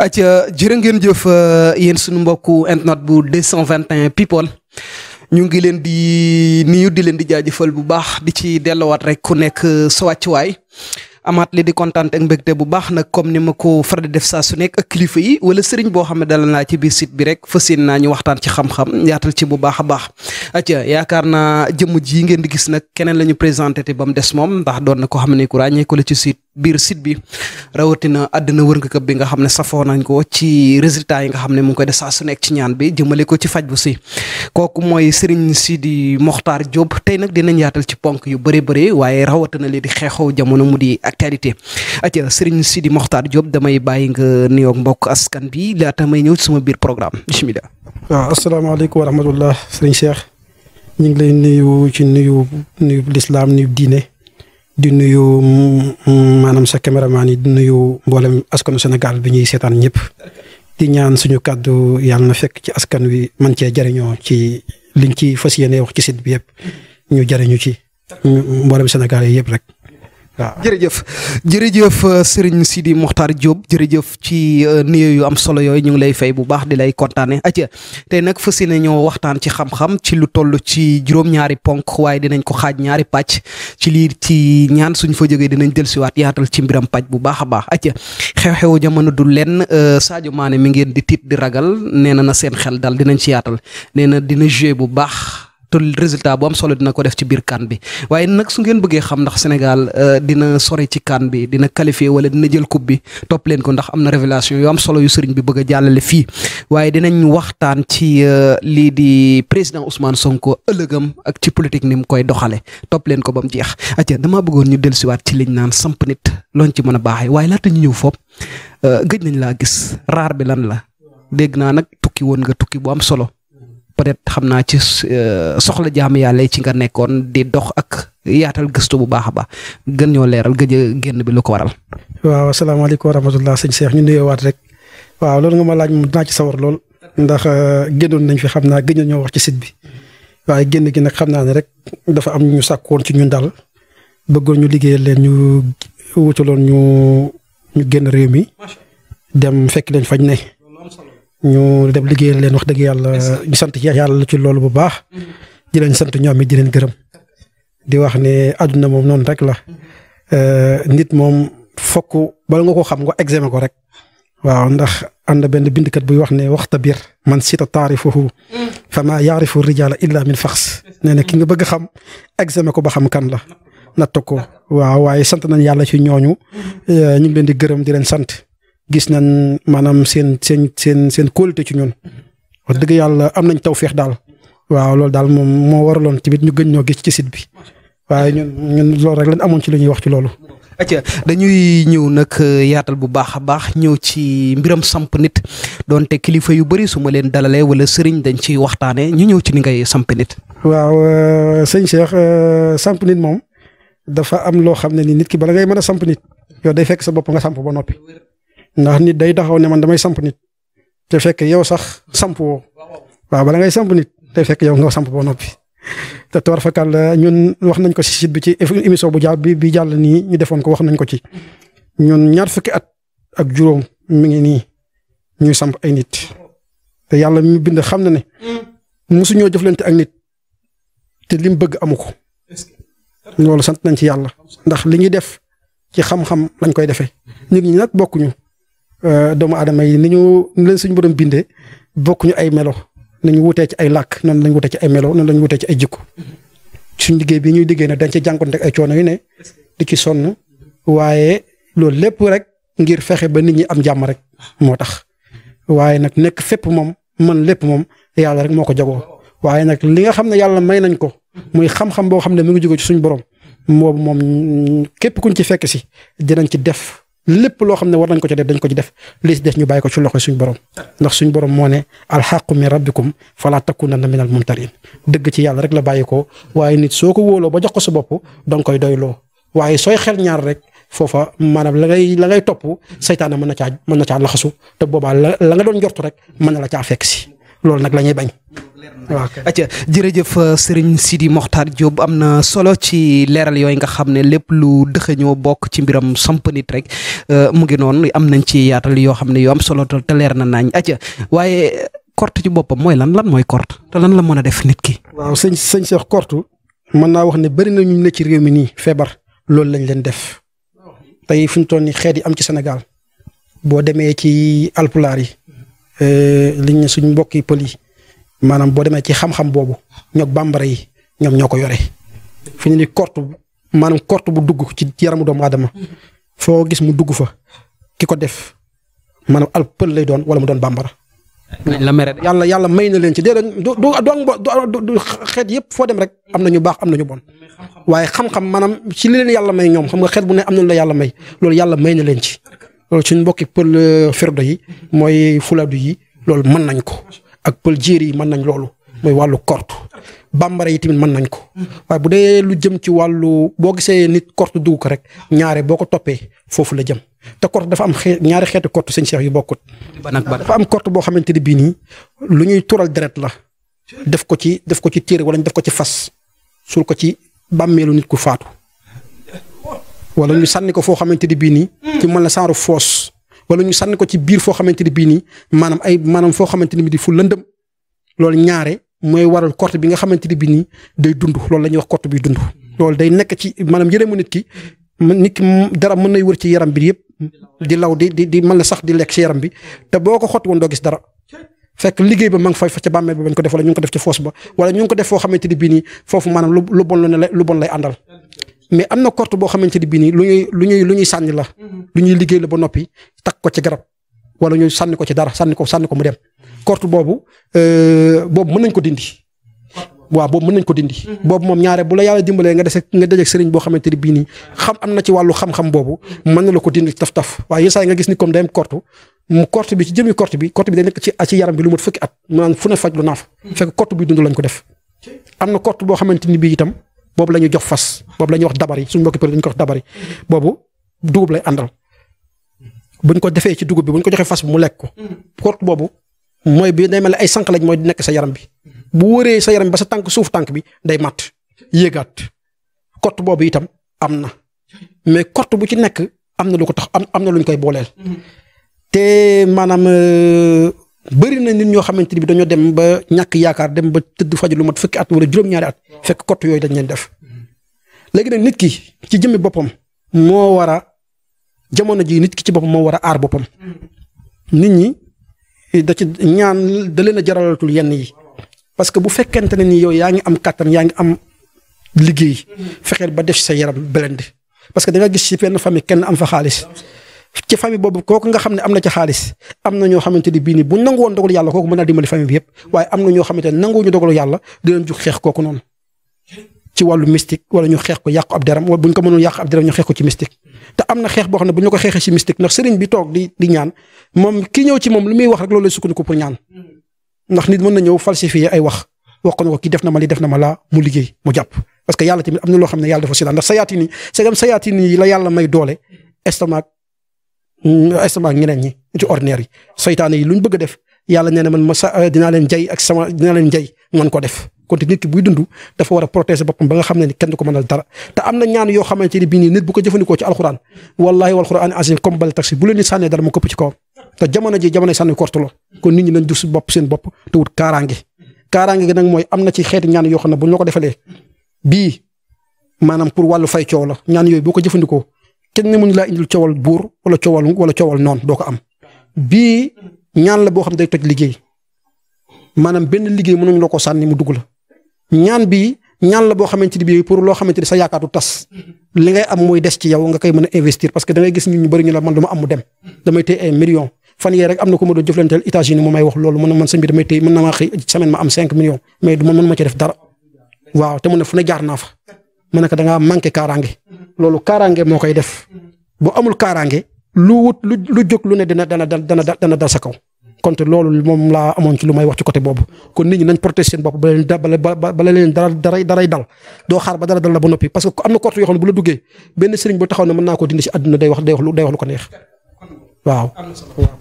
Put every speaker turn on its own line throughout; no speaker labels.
aca jërë ngeen jëf euh, yéen suñu mbokku internet bu 221 people ñu ngi leen di nuyu di leen di jaajëfal bu baax di ci delluwaat rek ku nekk euh, sa wàccuwaay amaat li di kontaan ak mbégte bu baax nag comme ni ma ko faral di def saa su nekk ak kilifa yi wala sëriñ boo xam ne naa ci biir site bi rek fas yéene naa ñu waxtaan ci xam-xam yaatal ci bu baax a baax. atia yaakaar naa jëmm ji ngeen di gis nag keneen la ñu présenté te ba des moom ndax doon na ko xam ne ku ràññee ko la ci biir site bi rawatina àddina wërnga këpp bi nga xam ne safoo nañ ko ci résultat yi nga xam ne mu ngi koy def saa su nekk ci ñaan bi jëmale ko ci faj bu si kooku mooy Serigne di Mokhtar Diop tey nag dinañ yaatal ci ponk yu bëri bëri waaye rawatina li di xeexoo jamono mu di actualité sëriñ si di Mokhtar Diop damay bàyyi nga nuyoog mbokk askan bi laata may ñëw ci sama biir programme bisimilah. waaw ah, asalaamaaleykum wa rahmatullah Serigne Cheikh ñu ngi lay nuyu ci nuyu nuyu lislaam di nuyu maanaam sa caméraman yi di nuyu mboolem askanu Sénégal bi ñuy seetaan ñëpp di ñaan suñu kàddu yàlla na fekk ci askan wi man cee jariñoo ci liñ ci fas yéene ci site bi yëpp ñu jëriñu ci mboolem Sénégal yi yëpp rek. waaw jërëjëf jërëjëf euh, Serigne Sidi moxtar Diop jërëjëf ci euh, néew yu am solo yooyu ñu ngi lay fay bu baax di lay kontaane atia tey nag fas yéene ñoo waxtaan ci xam-xam ci lu toll ci juróom-ñaari ponk waaye dinañ ko xaaj ñaari pàcc ci lii ci ñaan suñ fa jógee dinañ dellusiwaat yaatal ci mbiram pàcc bu baax a baax atia xew-xewu jamono du lenn euh, Sadio maane mi ngeen di tit di ragal nee na na seen xel dal dinañ ci yaatal dina joué bu baax. te résultat bu am solo dina ko def ci biir kan bi waaye nag su ngeen bëggee xam ndax Sénégal euh, dina sori ci kan bi dina qualifié wala dina jël coupe bi top leen ko ndax am na révélation yu am solo yu sëriñ bi bëgg a jàllale fii waaye dinañ waxtaan ci euh, lii di président Ousmane Sonko ëllëgam ak ci politique ni mu koy doxale topp leen ko ba mu jeex atia damaa bëggoon ñu dellusiwaat ci liñ naan samp nit loñ ci mën a baaxee waaye laata ñu ñëw foofu euh, gëj nañ laa gis raar bi lan la dégg naa nag tukki woon nga tukki bu am solo peut xam naa ci euh, soxla jaam yàlla ci nga nekkoon di dox ak yaatal gëstu bu baax a baax gën ñoo leeral gëj génn bi lu ko waral. waaw asalaamaaleykum wa rahmatulah sëñ Cheikh ñu nuyoowaat rek waaw loolu nga ma laaj moom dinaa ci lool ndax euh, génnoon nañ fi xam naa gëj ñoo wax ci sit bi waaye génn gi nag xam naa ne rek dafa am ñu woon ci ñun daal bëggoon ñu liggéeyal leen ñu wutaloon ñu ñu génn réew mi dem fekk leen fañ ne. ñu dem liggéeyal leen wax dëgg yàlla ñu sant yàlla ci loolu bu baax di leen sant ñoom it di leen gërëm di wax ne àdduna moom noonu rek la euh, nit moom fokk bala nga ko xam nga examen ko rek waaw ndax ànd benn bindkat buy wax ne waxta biir man sita taarifuhu mm. fa ma yaarifu rijaala illa min fax nee na ki nga bëgg xam examen ko ba xam kan la natt ko waaw waaye sant nañ yàlla ci ñooñu mm-hmm. euh, ñu ngi leen di gërëm di leen sant gis nañ maanaam seen seen seen seen kóolute ci ñun wax dëgg yàlla am nañ taw feex daal waaw loolu daal moom moo waraloon tamit ñu gën ñoo gis ci site bi waaye ñun ñun loolu rek lañ amoon ci lu ñuy wax ci loolu. acca dañuy ñëw nag euh, yaatal bu baax a baax ñëw ci mbiram samp nit donte kilifa yu bari su leen dalale wala sëriñ dañ ciy waxtaanee ñu ñëw ci ni ngay samp nit. waaw euh, sëñ Cheikh euh, samp nit moom dafa am loo xam ne ni nit ki bala ngay man a samp nit yow day fekk ndax nit day daxaw ne man damay samp nit te fekk yow sax samp woo waaw bala ngay samp nit te fekk yow nga samp boo noppi. te toor fakal ñun wax nañ ko si site bi ci émission bu jàll bi bi jàll nii ñu defoon wax nañ ko ci ñun ñaar fukki at ak juróom mi ngi nii ñuy samp ay nit te yàlla mi bind xam na ne mosuñoo jëflante ak nit te lim bëgg amu ko loolu sant nañ ci yàlla ndax li ñuy def ci xam-xam lañ koy defee nit ñi nag bokkuñu Euh, doomu adama yi ni ñu leen suñu borom bindee bokkuñu ay melo nañu wutee ci ay làkk noonu lañ wutee ci ay melo noonu lañ wutee ci ay jikko suñ liggéey bi ñuy liggéey nag dañ ci jànkoonte ak ay coono yu ne di ci sonn waaye loolu lépp rek ngir fexe ba nit ñi am jàmm rek moo tax waaye nag nekk fépp moom man lépp moom yàlla rek moo ko jogoo waaye nag li nga xam ne yàlla may nañ ko muy xam-xam boo xam ne mu ngi jóge ci suñu borom boobu moom képp kuñ ci fekk si dinañ ci def lépp loo xam ne war nañ ko ca def dañ ko ci def li ci des ñu bàyyi ko ci loxo suñu borom ndax suñu borom moo ne alxaqu min rabbikum fala takunanna minal mumtarin dëgg ci yàlla rek la bàyyi ko waaye nit soo ko wóoloo ba jox ko sa bopp danga koy doy loo waaye sooy xel ñaar rek foofa maanaam la ngay la ngay topp saytaane mën na caa mën na caa laxasu te boobaa la la nga doon jortu rek mën na la caa fekk si loolu nag la ñuy bañ. waaw acca jërëjëf euh, sëriñ Sidi Mokhtar Diop am na solo ci leeral yooyu nga xam ne lépp lu dëxëñoo bokk ci mbiram samp rek euh, mu ngi noonu am nañ ci yaatal yoo xam ne yoo am solo te leer na naañ acca waaye korte ci boppam mooy lan lan mooy korte te lan la mën a def nit ki. waaw sëñ sëñ Cheikh korte mën naa wax ne bëri na ñun ne ci réew mi nii feebar loolu lañ leen def tey fi ñu toll nii xeet yi am ci senegal boo demee ci alpulaar yi. Eh, liñ suñ mbokki pël yi maanaam boo demee ci xam-xam boobu ñoog bambara yi ñoom ñoo ko yore fi ñu ni korte maanaam korte bu dugg ci yaramu doomu adama foo gis mu dugg fa ki ko def maanaam al pël lay doon wala mu doon bambara. yàlla yàlla may na leen ci déedéet du du du xeet yëpp foo dem rek am na ñu baax am na ñu bon waaye xam-xam maanaam ci li leen yàlla may ñoom xam nga xeet bu ne am na la yàlla may loolu yàlla may na leen ci. loolu suñ mbokki pël euh, ferdo yi mooy fuladu yi loolu mën nañ ko ak pël jéeri yi mën nañ loolu mooy wàllu korte bambara yi tamit mën nañ ko waaye bu dee lu jëm ci wàllu boo gisee nit korte dugg ko rek ñaare boo ko toppee foofu la jëm te korte dafa am xeet ñaari xeeti korte seen seex bokkut. dafa am korte boo xamante ne bii nii lu ñuy tural deret la def ko ci def ko ci téere wala ñu def ko ci fas suul ko ci bàmmeelu nit ku faatu. wala ñu sànni ko foo xamante ni bii nii. ci mën la saaru foos. wala ñu sànni ko ci biir foo xamante ni bii nii maanaam ay maanaam foo xamante ni bii di fu lëndëm loolu ñaare mooy waral korte bi nga xamante ni bii nii day dund loolu ñuy wax korte bi dund. loolu day nekk ci maanaam yërëmu nit ki nit ki dara mën na wër ci yaram bi yëpp di law di di di mën la sax di lekk ci yaram bi te boo ko xott woon doo gis dara. fekk liggéey ba ma fay fa ca bàmmeel ba bañ ko def wala ñu ngi ko def ci foos ba wala ñu ngi ko def foo xamante bii nii foofu la àndal mais am na korte boo xamante ne bii nii lu ñuy lu ñuy lu ñuy sànni la. Mm-hmm. lu ñuy liggéey la ba noppi takk ko ci garab wala ñu sànni ko ci dara sànni ko sànni ko mu dem korte mm-hmm. boobu euh, boobu mën nañ ko dindi. waaw boobu mën ko dindi. Mm-hmm. boobu moom ñaare bu la yàlla dimbalee nga dese nga dajeeg sëriñ boo xamante ni bii nii xam am na ci wàllu boobu mën na la ko dindi taf taf waaye yenn saa gis ni comme day am korte mu korte bi ci jëmi korte bi korte bi day nekk ci ci yaram bi lu mot fukki at mu naan faj lu naaf. fekk korte bi dund lañ ko def. am na korte boo xamante ni bii itam boobu la ñuy jox fas boobu la wax dabari suñu mbokki pël dañu ko wax dabari boobu dugub lay àndal buñ ko defee ci dugub bi bu buñ ko joxee fas bi mu lekk ko. kort boobu mooy bi day mel ay sànq lañ mooy nekk sa yaram bi bu wëree sa yaram bi ba sa tànk suuf tànk bi day màtt yéegaat kort boobu itam am na mais kort bu ci nekk am na lu ko tax am am na luñ koy booleel. Mm-hmm. te maanaam euh, bëri na nit ñoo xamante ni bi dañoo dem ba ñàkk yaakaar dem ba tëdd faj lu mat fukki at wala juróom-ñaari at fekk kott yooyu dañ leen def léegi nag nit ki ci jëmmi boppam moo war a jamono ji nit ki ci boppam moo war a aar boppam nit ñi da ñaan da leen a jaralatul yenn yi parce que bu fekkente ne ni yow yaa ngi am kàttan yaa ngi am liggéey fexeel ba def sa yaram blend parce que da gis si benn famille kenn am fa xaalis ci famille boobu kooku nga xam ne am na ci xaalis am na ñoo xamante ni bii nii bu nangu dogalu yàlla kooku mën naa dimbali famille bi yëpp waaye am na ñoo xamante ne nanguwuñu dogalu yàlla boo xam ne bu ñu wax rek loolu lay sukkandiku pour na ñëw wax wax ko ki def na ma li def na ma laa mu liggéey mu jàpp parce que yàlla tamit am na loo xam ne yàlla dafa si daan ndax sayaati nii segam sayaati nii la yàlla may doole estomac Mm, SMA a ñeneen ñi ci ordinaire yi saytaane yi luñ bëgg def yàlla nee na man ma sa eh, dinaa leen jay ak sama dinaa leen jay man ko def. kon te nit ki buy dundu dafa war a protéger bopp ba nga xam ne ni kenn du ko mënal dara te am na ñaan yoo xamante ni bii nii nit ko jëfandikoo ci alxuraan wallahi wal xuraan azim comme bal taxi bu leen ni sànnee dara mu këpp ci kawam te jamono ji jamono sànni kortu la kon nit ñi nañ jur bopp seen bopp te wut kaaraange kaaraange gi nag mooy am na ci xeeti ñaan yoo xam ne bu ñu la ko defalee bii maanaam pour wàllu fay coow la ñaan yooyu boo ko jëfandikoo kenn mënu laa indil coowal buur wala coowal wala coowal noon doo ko am bii ñaan la boo xam day toj liggéey maanaam benn liggéey mënuñ la ko sànni mu dugg la ñaan bii ñaan la boo xamante ni bii pour loo xamante ni sa yaakaar du tas li ngay am mooy des ci yow a investir gis ñun ñu bëri ñu la man du ma am mu dem damay téye ay fan yee rek am na ko ma doon jëflanteel États-Unis mu may wax loolu man man sëñ bi damay téye mën na maa xëy semaine ma am 5 millions mais du man mën ci def dara waaw te mu ne fu ne jaar naa fa ma ne ko da ngaa manqué kaaraange loolu kaaraange moo koy def bu amul kaaraange lu wut lu jóg lu ne dina dana dana dal sa kaw. kon te loolu moom laa amoon ci lu may wax ci côté boobu kon nit ñi nañ protéger seen bopp ba leen da bala leen dara daray daray dal doo xaar ba dara dal la ba noppi parce que am na kort yoo xam bu la duggee benn sëriñ bu taxaw ne mën naa koo dindi si àdduna day wax day wax lu day wax lu ko neex. waaw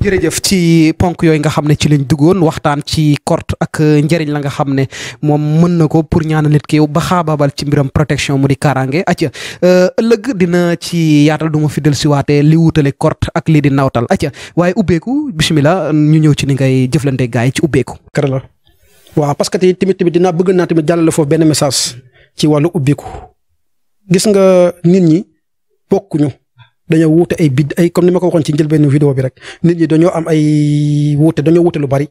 jërëjëf ci ponk yooyu nga xam ne ci lañ duggoon waxtaan ci corte ak njëriñ la nga xam ne moom mën na ko pour ñaanal nit ki yow ba xaabaabal ci mbiram protection mu di kaaraange acca euh, ëllëg dina ci yaatal duma ma fi del siwaatee li wutale corte ak lii di nawtal acca waaye ubbeeku bisimilah ñu ñëw ci ni ngay jëflante gaa yi ci ubbeeku. kër waaw parce que tamit tamit dinaa bëgg naa tamit jàllale foofu benn message ci wàllu ubbeeku gis nga nit ñi bokkuñu dañoo wuute ay bid ay comme ni ma ko waxoon ci njëlbeenu vidéo bi rek nit ñi dañoo am ay wuute dañoo wuute lu bari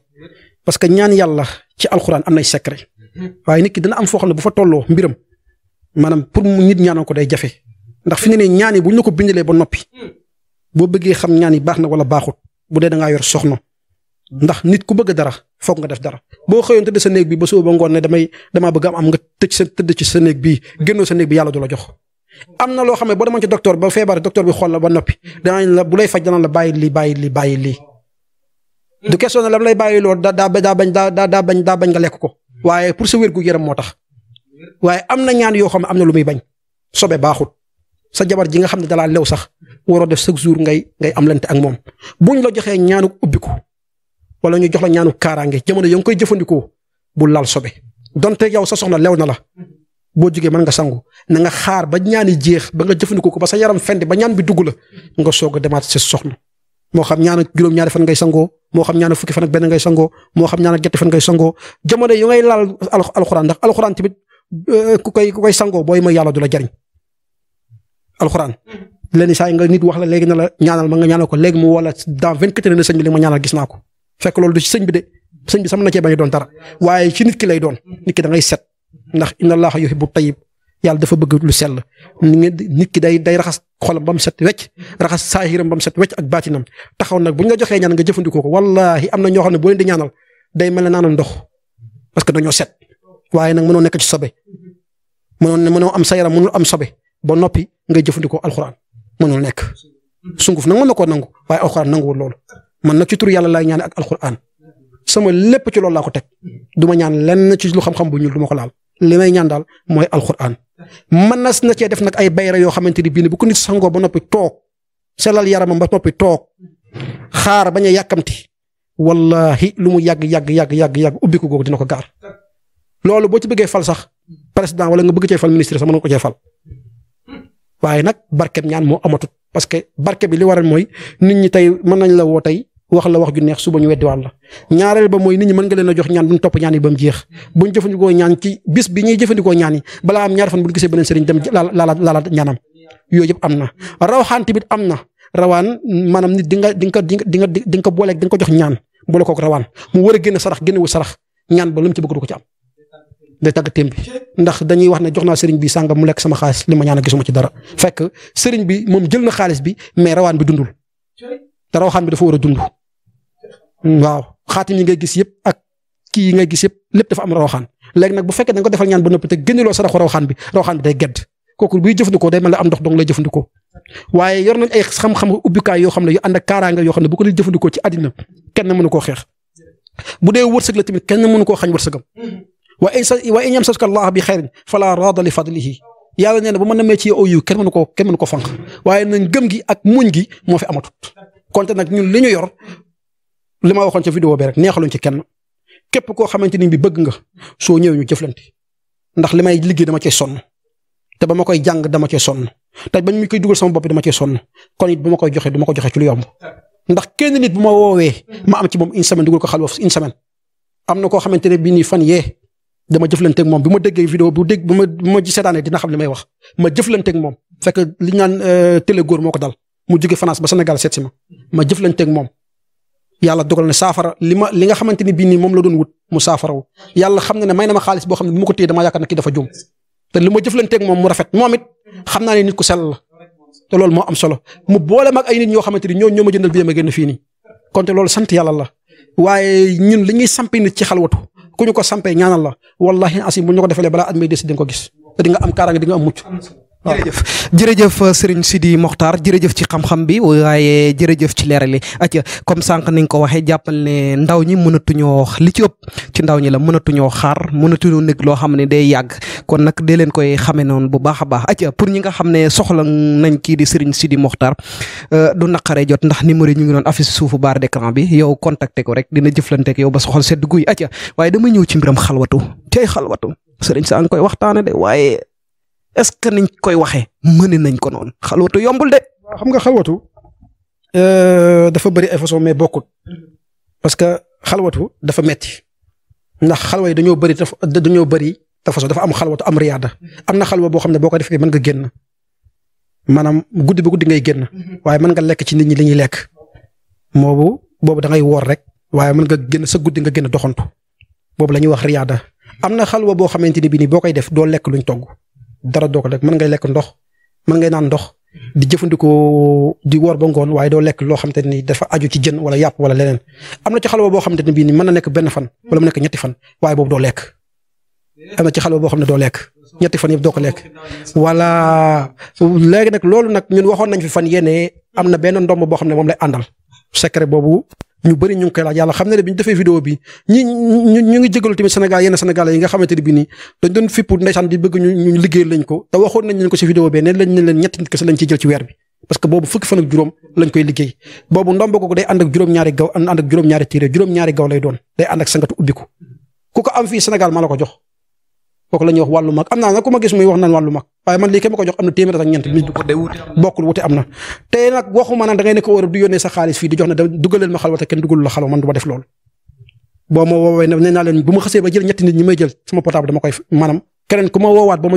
parce que ñaan yàlla ci alxuraan am nay secret waaye nit ki dana am foo xam ne bu fa tolloo mbiram maanaam pour mu nit ñaanoo ko day jafe ndax fi ne nii ñaan bu ñu la ko bindalee ba noppi boo bëggee xam ñaani yi baax na wala baaxut bu dee da yor soxna ndax nit ku bëgg dara foog nga def dara boo xëyoon tëdd sa néeg bi ba suba ba ngoon ne damay damaa bëgg am am nga tëj sa tëdd ci sa néeg bi génnoo sa néeg bi yàlla du la jox am na loo xam ne boo demoon ci docteur ba feebar docteur bi xool la ba noppi danañ la bu lay faj danañ la bàyyi lii bàyyi lii bàyyi lii. du question ne la mu lay bàyyi loolu daa daa bañ daa daa bañ daa bañ nga lekk ko waaye pour sa wér yaram moo tax waaye am na ñaan yoo xam ne am na lu muy bañ sobe baaxut sa jabar ji nga xam ne dalaa lew sax waroo def chaque jour ngay ngay am lante ak moom ñu la joxee ñaanu ubbiku wala ñu jox la ñaanu kaaraange jamono ya nga koy jëfandikoo bu laal sobe donte yow sa soxna lew na la boo jógee man nga sangoo na nga xaar ba ñaani jeex ba nga jëfandikoo ko ba sa yaram fendi ba ñaan bi dugg la nga soog a demaat si soxna moo xam ñaan ak juróom-ñaari fan ngay sangoo moo xam ñaan fukki fan ak ngay sangoo moo xam ñaan ak ñetti fan ngay sangoo jamono yu ngay laal alxuraan ndax alxuraan tamit euh, ku koy ku koy sangoo booy ma yàlla du la jariñ alxuraan mm-hmm. lenn saa nga nit wax la léegi na la ñaanal ma nga ñaanal ko léegi mu wala dans vingt-quatre heures na sëñ bi li ma ñaanal gis naa ko fekk loolu du ci de sëñ bi sam na cee bañ doon dara waaye ci nit ki lay doon nit da ngay set ndax la inna allaha yuhibbu tayyib yàlla dafa bëgg lu sell nit ki day day raxas xolam ba mu set wecc raxas saahiram ba mu set wecc ak baatinam taxaw nag bu ñu la joxee ñaan nga jëfandikoo ko wallaahi am ñoo xam ne boo leen ñaanal day mel ne naanal ndox parce que dañoo set waaye nag mënoo nekk ci sobe mënoon noo am sa yaram mënul am sobe ba noppi ngay jëfandikoo alxuraan mënul nekk. sunguf nag mën na koo nangu waaye alxuraan nanguwul loolu man nag ci tur yàlla laay ñaan ak alxuraan sama lépp ci loolu laa ko teg du ma ñaan lenn ci lu xam-xam bu ma ko laal li may ñaan daal mooy alxuraan mën nas na cee def nag ay bayra yoo xamante ni bii bu ko nit sangoo ba noppi toog selal yaramam ba noppi toog xaar ba a yàkkamti wallahi lu mu yàgg yàgg yàgg yàgg yàgg ubbi ko googu dina ko gaar loolu boo ci bëggee fal sax président wala nga bëgg cee fal ministre sax man nga ko cee fal waaye nag barkeb ñaan moo amatut parce que barke bi li waral mooy nit ñi tey mën nañ la woo tey wax la wax ju neex suba ñu weddi waat la ñaareel ba mooy nit ñi mën nga leen a jox ñaan bu ñu topp ñaan yi ba mu jeex bu ñu jëfandikoo ñaan ci bis bi ñuy jëfandikoo ñaan yi balaa am ñaar fan bu ñu gisee beneen sëriñ dem laalaat ñaanam yooyu yëpp am na rawxaan tamit am na rawaan maanaam nit di nga di nga di nga di nga ko booleeg di ko jox ñaan boole kook rawaan mu war a génn sarax génnewul sarax ñaan ba lu mu ci bëgg du ko ci am day tàgg téem bi ndax dañuy wax ne jox naa sëriñ bi sàngam mu lekk sama xaalis li ma ñaan gisuma ci dara fekk sëriñ bi moom jël na xaalis bi mais rawaan bi dundul te rawxaan bi dafa war dund Hmm. waaw xaatim yi nga gis yëpp ak kii yi gis yëpp lépp dafa am rawxaan léegi nag bu fekkee da nga ko defal ñaan ba noppi te génneloo sa raxu rawxaan bi day gedd kooku buy jëfandikoo day mel ne am ndox dong lay jëfandikoo waaye yor nañ ay xam-xam ubbikaay yoo xam ne yu ànd ak kaaraanga yoo xam ne bu ko lay jëfandikoo ci àddina kenn mënu koo xeex bu dee wërsëg la tamit kenn mënu koo xañ wërsëgam wa in sa wa in na bu mën a gi ak muñ gi moo fi amatut konte nag ñun li ñu yor li ma waxoon ca video bi rek neexaluñ ci kenn képp koo xamante ni bi bëgg nga soo ñëwee ñu jëflante ndax li may liggéey dama cee sonn te ba ma koy jàng dama cee sonn te bañ mi koy dugal sama bopp dama cee sonn kon it bu ma koy joxee du ma ko joxe ci lu yomb ndax kenn nit bu ma woowee ma am ci moom une semaine dugal ko xalwa une semaine am na koo xamante ne bii nii fan yee dama jëflanteeg moom bi ma déggee vidéo bu dégg bu ma ma seetaanee dina xam li may wax ma jëflanteeg moom fekk li ñu naan euh, télé góor moo ko dal mu jóge France ba Sénégal seet si ma ma jëflanteeg moom yàlla dugal na saafara li ma li nga xamante ni bii nii moom la doon wut mu saafara wu yàlla xam na ne may na ma xaalis boo xam ne bu ma ko téye damaa yaakaar ne kii dafa juum te moom mu rafet moom it xam naa ne nit ku sell loolu moo am solo mu boole mag ay nit ñoo xamante ni ñoo ñoo ma jëndal bi ma génn fii nii kon te loolu sant yàlla la waaye ñun li ñuy sampee nit ci xalwatu ku ñu ko sampee ñaanal la wallahi asim bu ñu ko defalee balaa at mi des di nga ko gis te am kaaraange di am mucc jërëjëf jërëjëf euh, Serigne Sidi Mokhtar jërëjëf ci xam-xam bi waaye jërëjëf ci leeral yi aca comme sànq ni nga ko waxee jàppal ne ndaw ñi mënatuñoo li ci ëpp ci ndaw ñi la mënatuñoo xaar mënatuñoo nekk loo xam ne day yàgg kon nag dee leen koy xamee noonu bu baax a baax aca pour ñi nga xam ne soxla nañ kii di Serigne moxtar Mokhtar euh, du naqaree jot ndax numéro yi ñu ngi doon affiche suufu barre d'écran bi yow contacté ko rek dina jëflanteek yow ba soxal sedd guy aca waaye dama ñëw ci mbiram xalwatu tey xalwatu Serigne sa nga koy waxtaane est-ce que niñ koy waxee mëne nañ ko noonu xalwatu yombul de. waaw xam nga xalwatu euh, dafa bëri ay façon mais bokkut parce que xalwatu dafa metti ndax xalwa yi dañoo bëri dañoo bëri te façon dafa am xalwatu am riyaada am na xalwa boo xam ne boo ko defee mën nga génn maanaam guddi ba guddi ngay génn waaye mën nga lekk ci nit ñi li ñuy lekk moobu boobu da ngay woor rek waaye mën nga génn sa guddi nga génn doxantu boobu la ñuy wax riyaada am na xalwa boo xamante ni bii nii boo koy def doo lekk luñ togg dara doo ko lekk mën ngay lekk ndox mën ngay naan ndox di jëfandikoo di woor ba ngoon waaye doo lekk loo xam te ni dafa aju ci jën wala yàpp wala leneen am na ci xalwa boo xam ne bii nii mën na nekk benn fan wala nekk ñetti fan waaye boobu doo lekk am na ci xalwa boo xam ne doo lekk ñetti fan yëpp doo ko lekk voilà léegi nag loolu nag ñun waxoon nañ fi fan yéene am na benn ndomb boo xam ne moom lay àndal secret boobu ñu bari ñu ngi koy laaj yàlla xam ne ne bi ñu defee vidéo bi ñi ñu ñu ngi jégalu tamit Sénégal yenn Sénégalais yi nga xamante bi nii dañ doon fipp ndeysaan di bëgg ñu ñu liggéey lañ ko te waxoon nañ leen ko si vidéo bi neen lañ ne leen ñetti nit kese lañ ciy jël ci weer bi parce que boobu fukki fan ak juróom lañ koy liggéey boobu ndomb googu day ànd ak juróom-ñaari gaw ànd ak juróom-ñaari tiire juróom-ñaari gaw lay doon day ànd ak sangatu ubbiku ku ko am fii Sénégal maa la ko jox kooku la ñuy wax wàllu mag am naa nag ku ma gis muy wax naan wàllu mag waaye man lii ke ma ko jox am na téeméer ak ñeent bokkul wute am na te nag waxuma ma xalwata kenn dugalul la xalwa man du ma def loolu ma woowee nee naa leen bu ma xasee ba jël ñetti nit ñi may jël sama portable dama koy maanaam keneen ku ma woowaat ba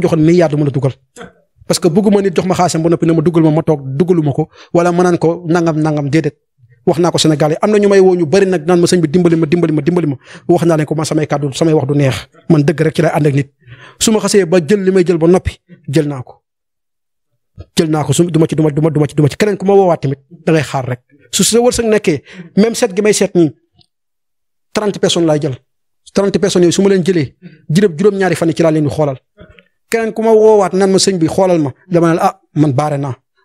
ma toog dugaluma ko wala ma naan ko nangam nangam déedéet wax naa ko Sénégal yi am na ñu may woo ñu bëri nag naan ma sëñ bi dimbali ma dimbali ma dimbali ma wax naa leen ko man samay kàddu samay wax du neex man dëgg rek ci lay ànd ak nit su ma xasee ba jël li may jël ba noppi jël naa ko. jël naa ko su du ci du ma ma du ma ci du ma ci keneen ku ma woowaat tamit rek su sa wërsëg nekkee même seet gi may seet nii trente personnes laay jël trente personnes yooyu su ma leen jëlee juróom juróom-ñaari fan yi ci laa leen di xoolal keneen ku ma woowaat naan ma sëñ bi xoolal ma dama ne ah man baare naa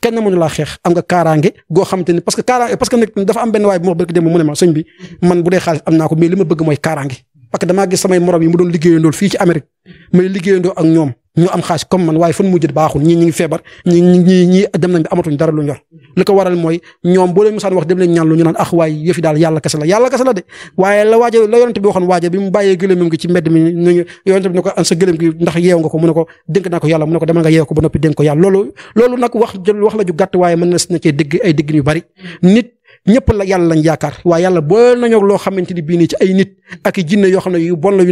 kenn mënu la xeex am nga kaaraange goo xamante ni parce que kaaraange parce am benn waay bu ma wax barki démb mu ne ma sëñ bi man bu dee xaalis am naa ko mais li ma bëgg mooy kaaraange parce damaa gis samay morom yi mu doon liggéeyandoo fii ci Amérique may liggéeyandoo ak ñoom ñu am xaas comme man waaye fan mujjët baaxul ñii ñi ngi feebar ñi ñi dem nañ bi amatuñ dara lu ñor li ko waral mooy ñoom boo leen mosaan wax dem leen ñaan lu ñu naan ax ah la yàlla kese la la waaje la yonent bi waxoon waaje bi mu bàyyee gëlëm gi ci mbedd mi ah la ju gàtt waaye mën na si na la yàlla lañ yaakaar waaye ni bii nii ci ay nit ak i jinne yoo xam ne yu bon la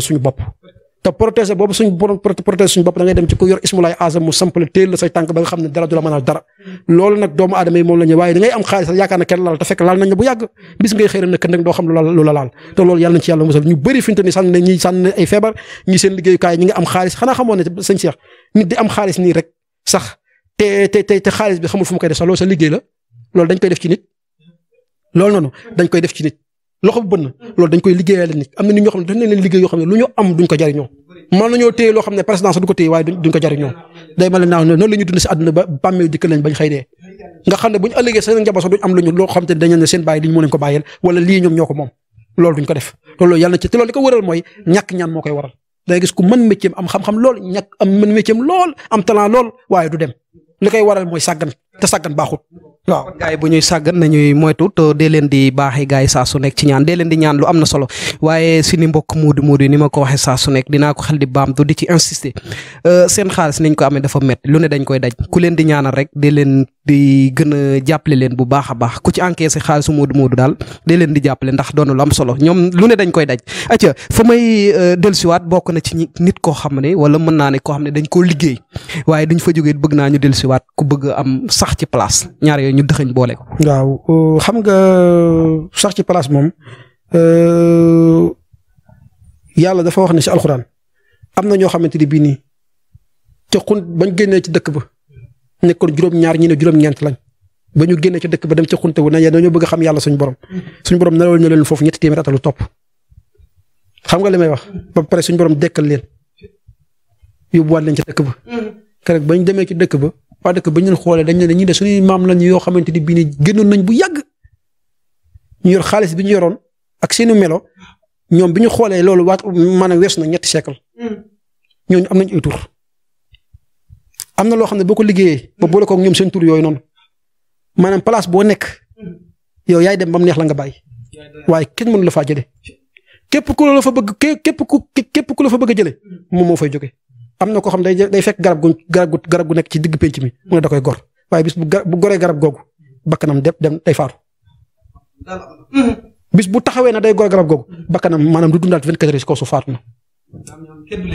suñu bopp te protéger boobu suñ borom protéger suñ bopp da ngay dem ci ku yor ismulaay azam mu sampale téel la say tànk ba nga xam ne dara du la dara loolu nag doomu aadama yi moom la waaye da am xaalis yaakaar na kenn laal te fekk laal nañ la bu yàgg bis ngay xëy na nekk doo xam lu laal te loolu yàlla nañ ci yàlla musal ñu bëri fi xaalis xanaa xamoon ne sëñ Cheikh nit di am xaalis nii rek sax te te te te xaalis bi xamul fu mu koy def sax loolu sa liggéey la loolu dañ koy def ci nit loolu noonu nit loxo bu bënn loolu dañ koy liggéeyal nit am na nit ñoo xam ne dañ leen liggéey yoo xam ne lu ñu am duñ ko jariñoo mën nañoo loo ñu dund si àdduna ba bàmmeel dikk leen bañ xëy dee nga xam ne buñ ëllëgee seen njaboot sax duñ am lu ñu loo xam te dañ ne seen bàyyi li ñu moo leen ko bàyyeel wala lii ñoom ñoo ko moom loolu duñ ko def loolu yàlla ci te loolu li ko waral mooy ñàkk ñaan moo koy waral day gis ku mën métier am xam-xam lool ñàkk am mooy sàggan te saggan baaxut waaw kon gars yi bu ñuy sàggan nañuy moytu te dee leen di baaxee gars yi saa su nekk ci ñaan dee leen di ñaan lu am na solo waaye si ni mbokk Modou Modou ni ma ko waxee saa su dinaa ko xel di baam baamtu di ci insister euh, seen xaalis niñ ko amee dafa métti lu ne dañ koy daj ku leen di ñaanal rek dee leen di gën a jàppale leen bu baax a baax ku ci encaissé xaalisu Modou Modou daal day leen di jàppale ndax doon lu am solo ñoom lu ne dañ koy daj. acca fa may euh, dellusiwaat bokk na ci nit koo xam ne wala mën naa ne koo xam ne dañ koo liggéey waaye duñ fa jógee bëgg naa ñu dellusiwaat ku bëgg am sax ci place ñaar yooyu ñu dëxëñ boole ko. waaw euh, xam nga euh, sax ci place moom yàlla dafa wax na si alxuraan am na ñoo xamante ni bii nii ca xun bañ génnee ci dëkk ba. nekkoon juróom-ñaar ñi ne juróom-ñeent lañ ba ñu génne ca dëkk ba dem ca wu ne yéen bëgg xam yàlla suñu borom suñu borom na leen foofu ñetti téeméer atalu topp xam nga li may wax ba pare suñu ba. keroog ba ñu demee ci ba waa dëkk ba ñu leen xoolee ne ñii de suñuy maam lañ yoo xamante ni bii nii génnoon nañ bu yàgg ñu yor xaalis bi ñu yoroon ak seenu melo ñoom bi ñu xoolee loolu waat maanaam weesu na ñetti siècle ñooñu am nañ ay tur am na loo xam ne boo ko liggéeyee. ba boole koog ñoom seen tur yooyu noonu maanaam place boo nekk yow yaay dem bam neex la nga bàyyi waaye kenn mënu la faa jëlee képp ku la fa bëgg képp ku ku la fa bëgg a jëlee moom moo fay jóge am na koo xam day day fekk garab gu garab gu nekk ci diggu pénc mi mu ne da koy gor waaye bis bu bu goree garab googu bakkanam dem dem day faatu. bis bu taxawee na day gor garab googu bakkanam maanaam du dundaal 24 heures su faatu na.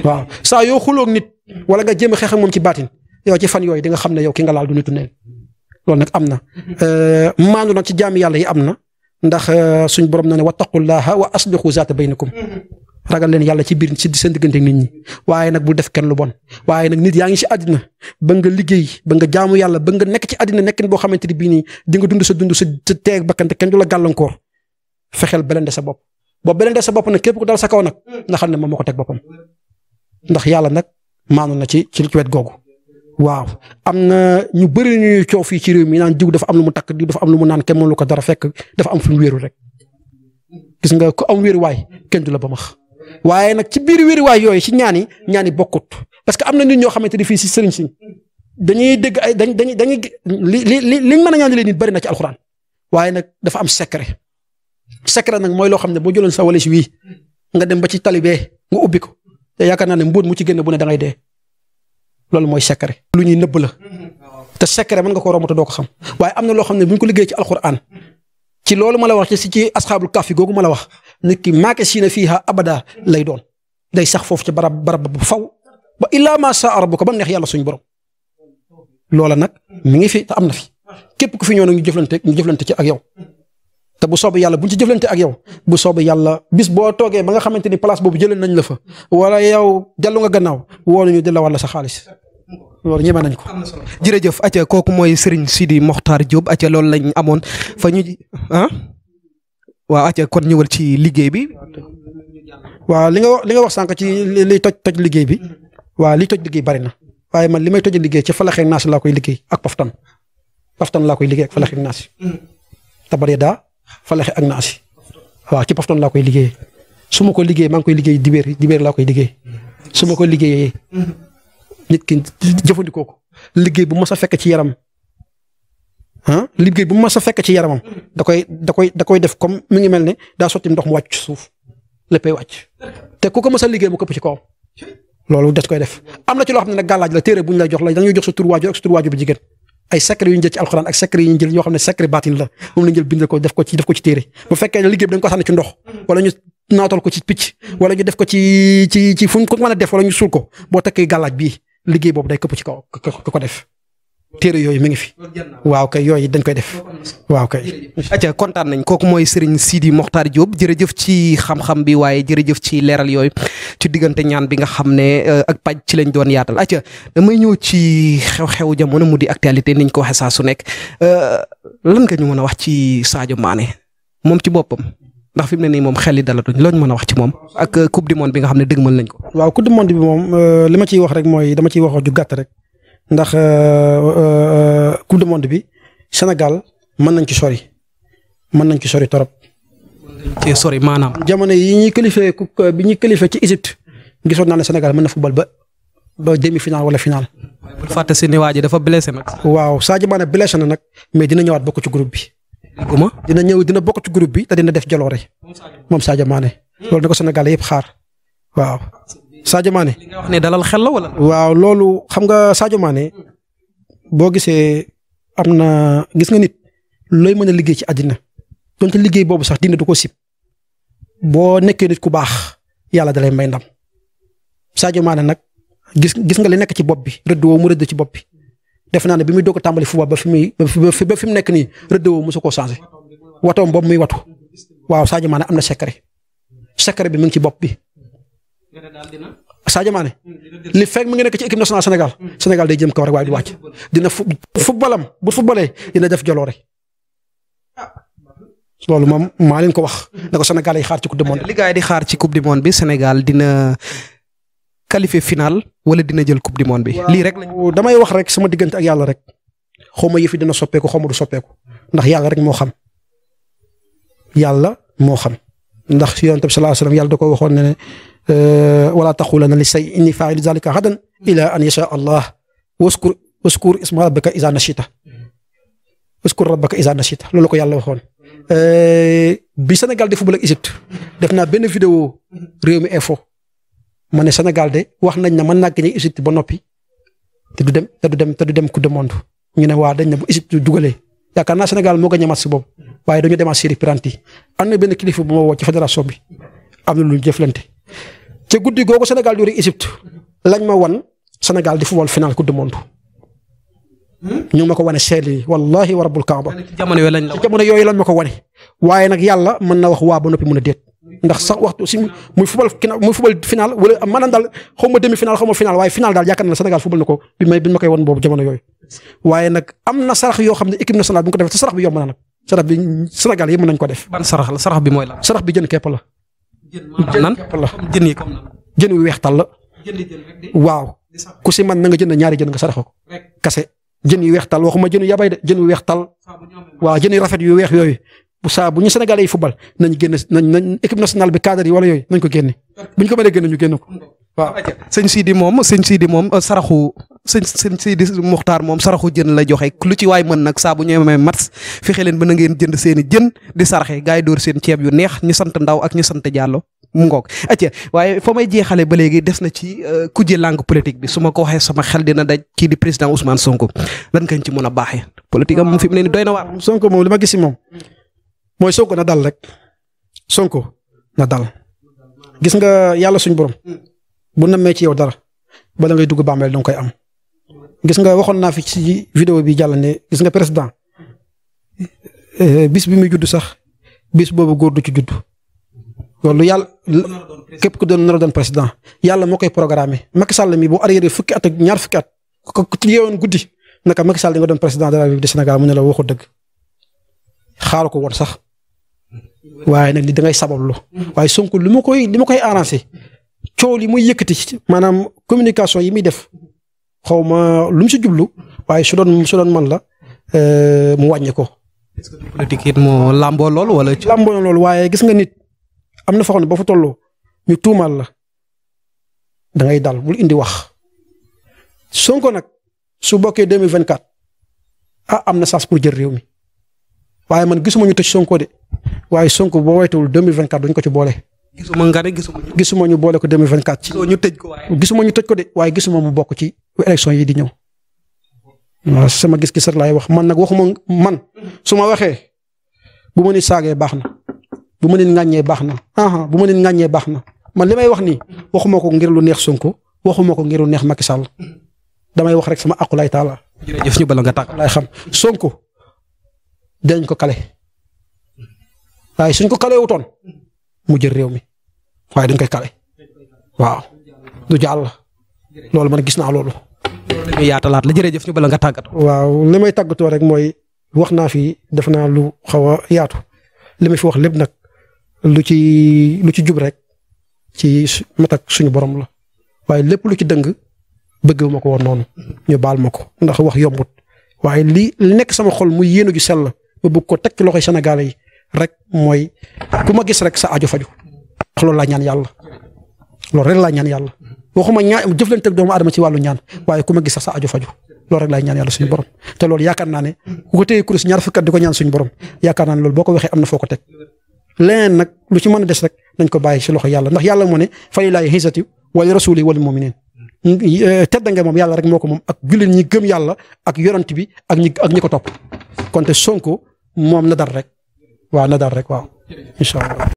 waaw saa yoo xulóog nit wala nga jéem a xeex ak ci baatin yow ci fan yooyu dinga xam ne yow ki nga laal du nitu neen loolu nag am na euh, maandu nag ci jaami yàlla yi am na ndax euh, suñ borom na ne wattaqullaha wa aslihu zaata baynakum ragal leen yàlla ci biir ci seen diggante nit ñi waaye nag bul def kenn lu bon waaye nag nit yaa ngi ci àddina ba nga liggéey ba nga jaamu yàlla ba nekk ci àddina nekkin boo xamante ni nii di nga dund sa dund sa teeg bakkante kenn du la gàllankoor fexeel beneen de sa bopp boo beneen de sa bopp nag képp ko dal sa kaw nag nga xam ne moom moo ko teg boppam ndax yàlla nag maanu na ci ci wet googu. waaw am na ñu bëri ñuy coow fii ci réew mi naan diw dafa am lu mu takk diw dafa am lu mu naan kenn lu ko dara fekk dafa am fu mu wéeru rek gis nga ku am wéeruwaay kenn la ba max waaye nag ci biir wéeruwaay yooyu ci ñaani ñaani bokkut parce que am na nit ñoo xamante ni fii si sëriñ si dañuy dégg ay dañ dañuy dañuy li li li liñ mën a ñaanalee nit bari na ci alxuraan waaye nag dafa am secret secret nag mooy loo xam ne boo jëloon sa walis wii nga dem ba ci talibee nga ubbi ko te yaakaar ne mbóot mu ci génn bu ne da ngay dee. loolu mooy secret lu ñuy nëbb la te secret mën nga ko romb te doo ko xam waaye am na loo xam ne bu ñu ko liggéey ci alquran ci loolu ma la wax ci ci asxaabul kahfi googu ma la wax nit ki maake siina fiiha abada lay doon day sax foofu ci barab barab bu faw ba illaa maa saa rabbuka ba neex yàlla suñu borom loola nag mu ngi fi te am na fi képp ku fi ñëw nag ñu jëflante ñu jëflante ci ak yow bu soobee yàlla bu ñu ci jëflante ak yow bu soobee yàlla bis boo toogee ba nga xamante ni place boobu jëlee nañ la fa wala yow dellu nga gannaaw woo nañu di la wàll sa xaalis. loolu ñeme nañ ko. jërëjëf acca kooku mooy Serigne Sidi Mokhtar Diop acca loolu lañ amoon fa ñu ah waaw acca kon ñëwal ci liggéey bi. waa li nga li nga wax sànq ci liy toj toj liggéey bi waaw liy toj liggéey bari na waaye man li may toj liggéey ci falaxee naas laa koy liggéey ak paftan paftan laa koy liggéey ak falaxee falaxi ak naasi waaw ci poftoon laa koy liggéeyee su ma ko liggéeyee maa ngi koy liggéey dibéer dibéer laa koy liggéey su ma ko liggéeyee nit ki jëfandikoo ko liggéey bu ma a fekk ci yaram ah liggéey bu mas a fekk yaramam da koy da koy da koy def comme mi ngi mel ne daa sotti ndox mu wàcc suuf léppay wàcc te ku ko mas a liggéey mu këpp ci kawam loolu des koy def am na ci loo xam ne nag gàllaaj la téere bu ñu lay jox la dañuy jox sa tur waajur ak sa tur waajur bu jigéen ay secret yu ñu jël ci alxuraan ak secret yu ñu jël yoo xam ne secret baatin la moom la ñu jël ko def ko ci ko ci téere bu fekkee liggéey bi dañ ko sànni ci ndox wala ñu naatal ko ci picc wala ñu def ko ci ci ko mën a def wala ñu suul ko boo takkee gàllaaj bii liggéey boobu day këpp ci kaw ko def téere yooyu mi ngi fi waaw kay yooyu dañ koy def waaw kay. acca kontaan nañ kook mooy Serigne siidi Mokhtar Diop jërëjëf ci xam-xam bi waaye jërëjëf ci leeral yooyu ci diggante ñaan bi nga xam ne euh, ak paj ci lañ doon yaatal acca damay ñëw ci xew-xewu jamono mu di actualité niñ ko waxee saa su nekk euh, lan nga ñu mën a wax ci Sadio Mané moom ci boppam ndax fi mu ne nii moom xel yi dalatuñ looñ mën a wax ci moom ak euh, coupe du monde bi nga xam ne dëgmal nañ ko. waaw coupe du monde moom li ma ciy wax rek mooy dama ciy wax ju gàtt rek. ndax euh, euh, euh, coupe de monde bi Sénégal mën nañ ci sori mën nañ ci sori torop. ci sori maanaam. jamono yi ñuy qualifié bi ñuy qualifié ci Égypte gisoon naa ne Sénégal mën na football ba ba demi final wala final. bu fàtte si ne waa ji dafa blessé nag. waaw Sadio Mané blessé na nag mais dina ñëwaat bokk ci groupe bi. dina ñëw dina bokk ci groupe bi te dina def jaloore moom Sadio Mané loolu na Sénégal yëpp xaar waaw. Sadio Mané. li nga wax ne dalal xel la wala. waaw loolu xam nga Sadio Mané boo gisee am na gis nga nit looy mën a liggéey ci àddina donte liggéey boobu sax dina du ko sib boo nekkee nit ku baax yàlla dalay may ndam Sadio Mané nag gis gis nga li nekk ci bopp bi rëdd woo mu rëdd ci bopp bi def naa ne bi muy doog a tàmbali fu ba fi muy ba fi mu nekk nii rëdd woo mosu koo changé watoom boobu muy watu waaw Sadio Mané am na secret secret bi mu ngi ci bopp bi. Sadio Mané hmm, li fekk mi ngi nekk ci équipe nationale Sénégal hmm. Sénégal day jëm kaw rek waaye du wàcc dina fu footballam bu footballee dina def jaloore ah, loolu moom maa leen ko wax hmm. na ko Sénégal ay xaar ci coupe du monde. di xaar ci coupe bi senegal dina qualifier final wala dina jël coupe du monde bi. lii rek damay wax rek sama diggante ak yàlla rek xaw ma yëf yi dina soppeeku xaw ma du soppeeku ndax yàlla rek moo xam yàlla moo xam ndax yonent bi sallallahu alayhi wasallam yàlla da ko waxoon ne. ولا تقولن لشيء إني فاعل ذلك غدا إلا أن يشاء الله واذكر واذكر اسم ربك إذا نشيت واذكر ربك إذا نشيت loolu ko yàlla waxoon. bi Sénégal di football ak Égypte def naa benn vidéo réew mi info ma ne senegal de wax nañ ne man naa gagné Égypte ba noppi te du dem te du dem te du dem coupe du monde ñu ne waa dañ na bu Égypte dugalee yaakaar naa Sénégal moo gagné match boobu waaye dañu demaat série penalty am na benn kilifa bu ma woo ca guddi googu Sénégal dóori Égypte lañ ma wan Sénégal di football final coupe du monde. Hmm? ñu ngi ma ko wane seel yi wallaahi wa rabbul kaaba. yooyu lañ la jamono yooyu lañ ma ko wane. waaye nag yàlla mën na wax waa ba noppi mën a déet ndax sax waxtu si muy football muy football final wala maanaam daal xaw ma demi final xaw ma final waaye final daal yaakaar na Sénégal football na ko bi may bi ma koy wan boobu jamono yooyu. waaye nag am na sarax yoo xam ne équipe nationale bu ñu ko defee te na nag bi Sénégal ko def. ban sarax la sarax bi mooy la. sarax bi jën képp la ndax nan jën yi comme jën wi weex tal la waaw ku si man na nga jënd ñaari jën nga saraxo ko kase jën yu weex tal waxuma jën yu yabay de jën yu weex tal waaw jën yu rafet yu weex yooyu bu saa bu ñu sénégalais yi football nañ génn nañ nañ équipe nationale bi cadre yi wala yooyu nañ ko génne bu ñu ko mënee génne ñu génne ko waaw sii Sidi moom sëñ Sidi moom euh, saraxu sëñ sëñ Seydi Muxtaar moom saraxu jën la joxe lu ci waay mën nag saa bu ñu amee mats fexe leen ba na ngeen jënd seen i jën di saraxe gars yi dóor seen ceeb yu neex ñu sant ndaw ak ñu sant jàllo mu ngoog acca waaye foo may jeexale ba léegi des na ci euh, kuje langue politique bi su ma ko waxee sama xel dina daj kii di président Ousmane Sonko lan kañ ci mën a baaxee politique am fi mu ne ni doy na waar Sonko moom li ma gis si moom mooy Sonko na dal rek Sonko na dal gis nga yàlla suñ borom bu namee ci yow dara ba da ngay dugg bàmmeel danga koy am gis nga waxoon naa fi ci vidéo bi jàll ne gis nga président eh, bis bi muy judd sax bis boobu góor du ci judd loolu yàlla képp ku doon na a doon président yàlla moo koy programmé Macky Sall mi boo arriéré at ak ñaar fukki at ku guddi naka Macky Sall di nga doon président de la République du Sénégal mu ne la waxu dëgg xaaru ko woon sax waaye nag li dangay ngay sabablu waaye Sonko li ma koy li coow li muy yëkkati maanaam communication yi muy def. xawma ma si jublu waaye su doon su doon man la euh, mu wàññi ko. est-ce que politique it làmboo lool wala. làmboo na lool waaye gis nga nit am na foo ne ba fa tolloo ñu tuumaal la da ngay dal bul indi wax Sonko nag su bokkee 2024 ah am na sens pour jël réew mi waaye man gisuma ñu tëj Sonko de waaye Sonko boo waytuwul 2024 duñ ko ci boole. gisuma ñu boole ko 2024. ñu tëj ko waaye gisuma ñu tëj ko de waaye gisuma mu bokk ci. bu élection yi di ñëw waaw sama gis-gis rek laay wax man nag waxuma man su ma waxee bu ma nit saagee baax na bu ma nit ŋàññee baax na aha bu ma nit ŋàññee baax na man li may wax nii waxuma ko ngir lu neex Sonko waxuma ko ngir lu neex Macky Sall damay wax rek sama aqulay taala jërëjëf ñu bala nga tàgg laay xam Sonko dañ ko kale waaye suñ ko kale wutoon mu jël réew mi waaye dañ koy kale waaw du jàll loolu man gis naa loolu nañu yaatalaat la jërëjëf ñu bala nga tàggatoo. waaw li may tàggatoo rek mooy wax naa fi def naa lu xaw a yaatu li may fi wax lépp nag lu ci lu ci jub rek ci mat ak suñu borom la waaye lépp lu ci dëng bëgg ma ko woon noonu ñu baal ma ko ndax wax yombut waaye li nekk sama xol muy yéenu ju sell ba bugg ko teg ci loxoy Sénégalais yi rek mooy ku ma gis rek sa aajo faju loolu laa ñaan yàlla loolu rek laa ñaan yàlla waxuma ñaa jëflante ak doomu aadama ci wàllu ñaan waaye ku ma gis sax sa aju faju loolu rek laay ñaan yàlla suñu borom te loolu yaakaar naa ku ko ko ñaan suñu borom yaakaar naa ne loolu boo ko ko teg leneen nag lu ci mën a des rek nañ ko bàyyi si loxo yàlla ndax yàlla moo ne fa lillaahi izzatu wa li rasuuli wa moom mu'miniin tedda moom yàlla rek moo ko moom ak jullit ñi gëm yàlla ak yorant bi ak ñi ak ñi ko topp kon te Sonko moom na dar rek waaw na dar rek waaw incha allah